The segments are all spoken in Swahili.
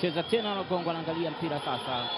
cheza tena Kongo anaangalia mpira sasa.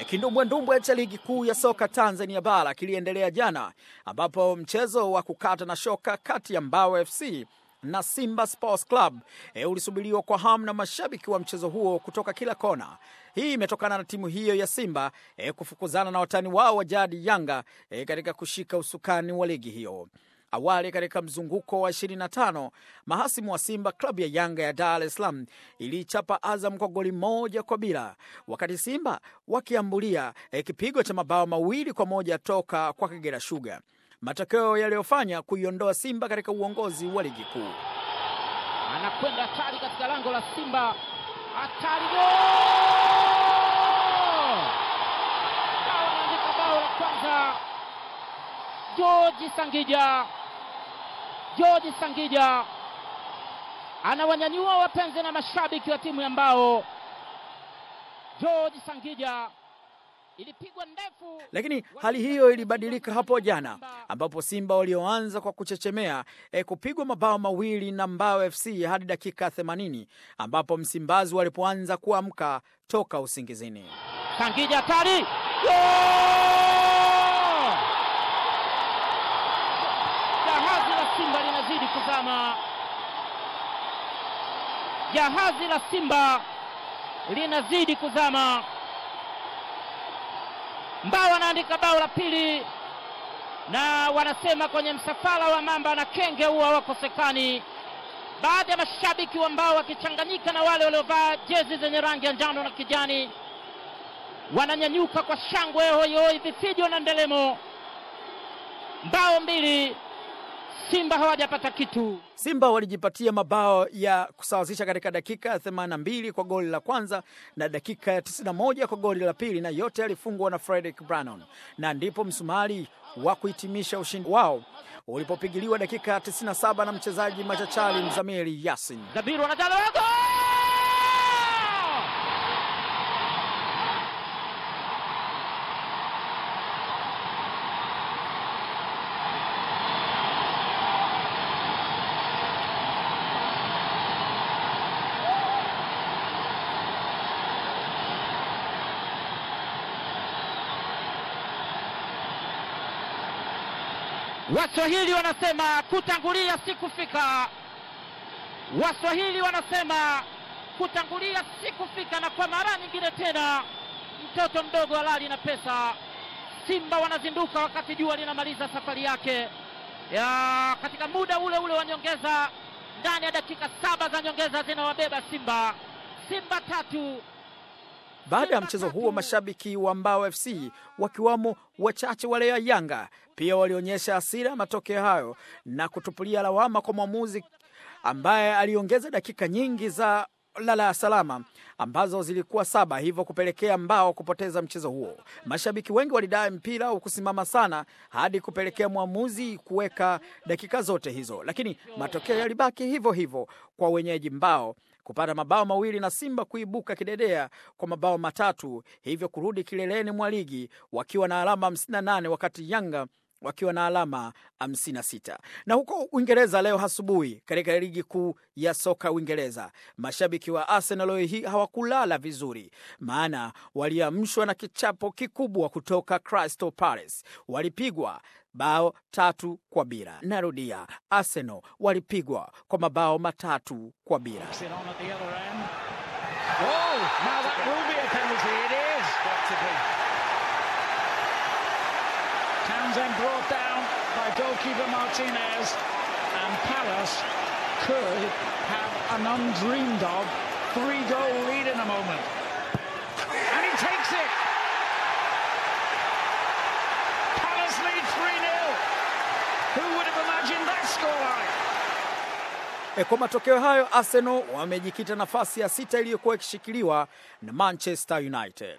E, Kindumbwendumbwe cha ligi kuu ya soka Tanzania bara kiliendelea jana, ambapo mchezo wa kukata na shoka kati ya Mbao FC na Simba Sports Club e, ulisubiriwa kwa hamu na mashabiki wa mchezo huo kutoka kila kona. Hii imetokana na timu hiyo ya Simba e, kufukuzana na watani wao wa jadi Yanga e, katika kushika usukani wa ligi hiyo. Awali katika mzunguko wa 25 mahasimu wa Simba klabu ya Yanga ya Dar es Salaam iliichapa Azam kwa goli moja kwa bila, wakati Simba wakiambulia eh, kipigo cha mabao mawili kwa moja toka kwa Kagera shuga matokeo yaliyofanya kuiondoa Simba katika uongozi wa ligi kuu. Anakwenda hatari katika lango la Simba, hatari! George Sangija. George Sangija anawanyanyua wapenzi na mashabiki wa timu ya Mbao. George Sangija ilipigwa ndefu, lakini hali hiyo ilibadilika hapo jana ambapo Simba walioanza kwa kuchechemea e, kupigwa mabao mawili na Mbao FC hadi dakika 80 ambapo Msimbazi walipoanza kuamka toka usingizini. Sangija tari Goal! Jahazi la Simba linazidi kuzama. Mbao anaandika bao la pili, na wanasema kwenye msafara wa mamba na kenge huwa wakosekani. Baadhi ya mashabiki wa Mbao wakichanganyika na wale waliovaa jezi zenye rangi ya njano na kijani wananyanyuka kwa shangwe hoihoi, vifijo na ndelemo. Mbao mbili Simba hawajapata kitu. Simba walijipatia mabao ya kusawazisha katika dakika ya 82 kwa goli la kwanza na dakika ya 91 kwa goli la pili, na yote yalifungwa na Frederick Brannon, na ndipo msumari wa kuhitimisha ushindi wao ulipopigiliwa dakika ya 97 na mchezaji machachari Mzamili Yasin Dhabiru goli Waswahili wanasema kutangulia si kufika. Waswahili wanasema kutangulia si kufika, na kwa mara nyingine tena mtoto mdogo halali na pesa. Simba wanazinduka wakati jua linamaliza safari yake ya katika muda ule ule wa nyongeza, ndani ya dakika saba za nyongeza zinawabeba Simba, Simba tatu baada ya mchezo huo, mashabiki wa Mbao FC wakiwamo wachache wale ya Yanga pia walionyesha hasira ya matokeo hayo na kutupulia lawama kwa mwamuzi ambaye aliongeza dakika nyingi za lala ya salama ambazo zilikuwa saba, hivyo kupelekea Mbao kupoteza mchezo huo. Mashabiki wengi walidai mpira au kusimama sana hadi kupelekea mwamuzi kuweka dakika zote hizo, lakini matokeo yalibaki hivyo hivyo kwa wenyeji Mbao kupata mabao mawili na Simba kuibuka kidedea kwa mabao matatu, hivyo kurudi kileleni mwa ligi wakiwa na alama 58 wakati Yanga wakiwa na alama 56. Na huko Uingereza leo asubuhi, katika ligi kuu ya soka Uingereza, mashabiki wa Arsenal hii hawakulala vizuri, maana waliamshwa na kichapo kikubwa kutoka Crystal Palace. Walipigwa bao tatu kwa bila. Narudia, Arsenal walipigwa kwa mabao matatu kwa bila. brought down by goalkeeper Martinez, and Palace could have an undreamed of three-goal lead in a moment. And he takes it! Palace lead 3-0! Who would have imagined that scoreline? E, kwa matokeo hayo Arsenal wamejikita nafasi ya sita iliyokuwa ikishikiliwa na Manchester United.